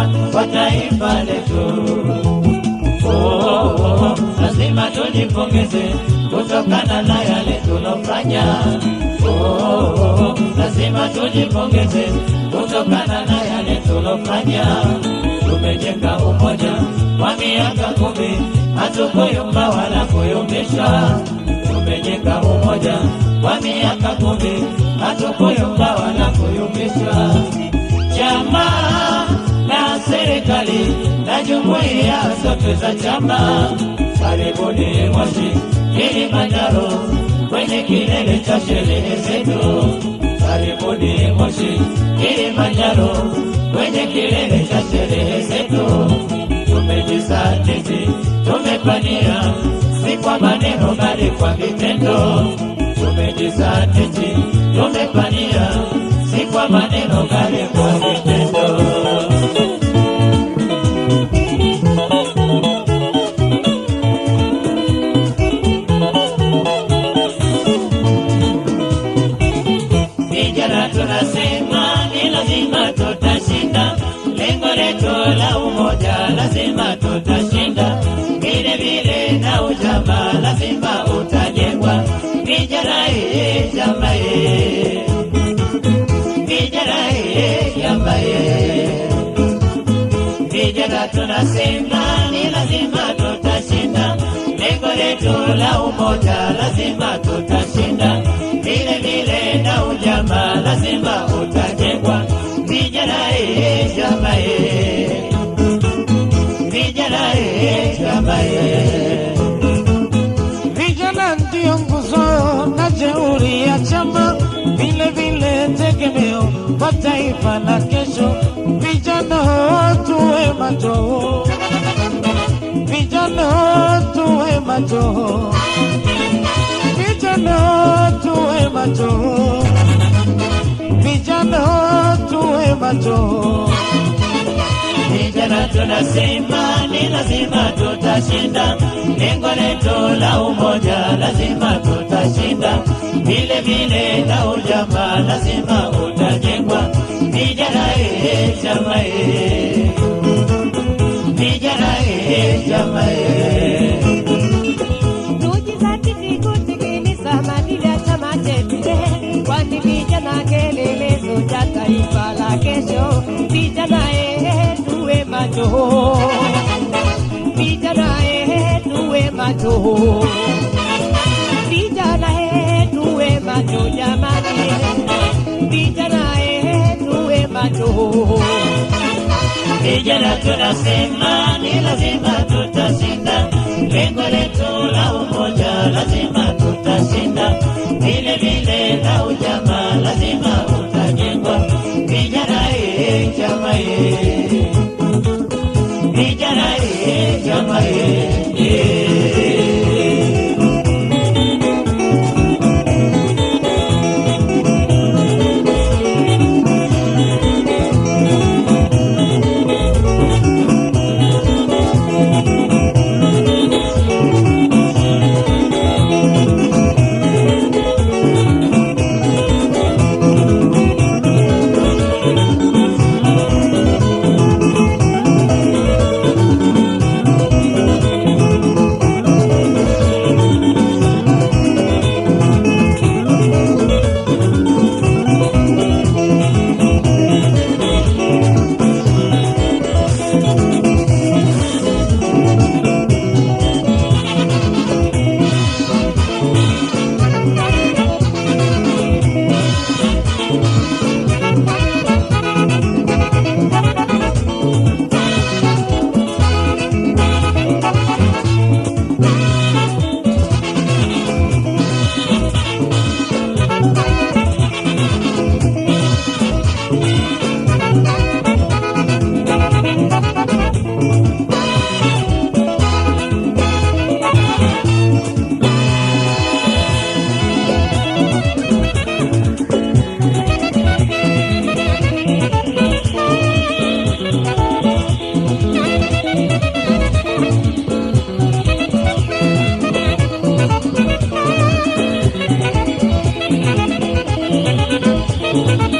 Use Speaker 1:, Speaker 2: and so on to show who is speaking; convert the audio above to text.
Speaker 1: watu wa taifa letu. Oh, oh, oh lazima tujipongeze kutokana na yale tunofanya. Oh, oh lazima tujipongeze kutokana na yale tunofanya. Tumejenga umoja kwa miaka kumi, hatukoyumba wala kuyumbisha. Tumejenga umoja kwa miaka kumi, hatukoyumba wala kuyumbisha. Jamaa serikali na jumuiya zote za chama. Karibuni Moshi Kilimanjaro, kwenye kilele cha sherehe zetu. Karibuni Moshi Kilimanjaro, kwenye kilele cha sherehe zetu. Tumejisajili, tumepania, si kwa maneno bali kwa vitendo. Tumejisajili, tumepania, si kwa maneno bali kwa tunasema ni lazima tutashinda, lengo letu la umoja lazima tutashinda, vile vile na ujamaa lazima utajengwa. Vijana tunasema ni lazima tutashinda, lengo letu la umoja
Speaker 2: taifa la kesho. Vijana tuwe macho, vijana tuwe macho, vijana tuwe macho, vijana tuwe macho,
Speaker 1: vijana tunasema lazima tutashinda, lengo letu la umoja lazima tutashinda, vile vile na ujamba lazima utajengwa. Vijana ee, chama ee, vijana ee, chama ee,
Speaker 3: cha taifa la kesho. Vijana ee, tuwe macho mayo Villana es nue mayo Yamani Villana es nue mayo
Speaker 1: Villana toda semana y la semana toda Thank you.